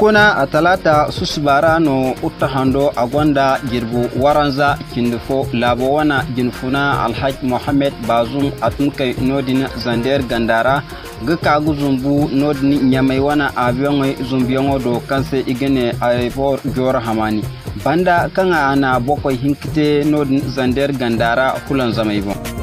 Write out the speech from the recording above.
kona a talata no hando a gwanda jirbu waranza kindifo labo wana jinfuna alhaj mohamed bazum a tunkai nodin zander gandara gikagu zumbu nodin nyamai wana aviyoŋe zumbiyongo do kanse igene rifor jor hamani banda kan ana bakwai hinkite nodin zander gandara kulan zamai ba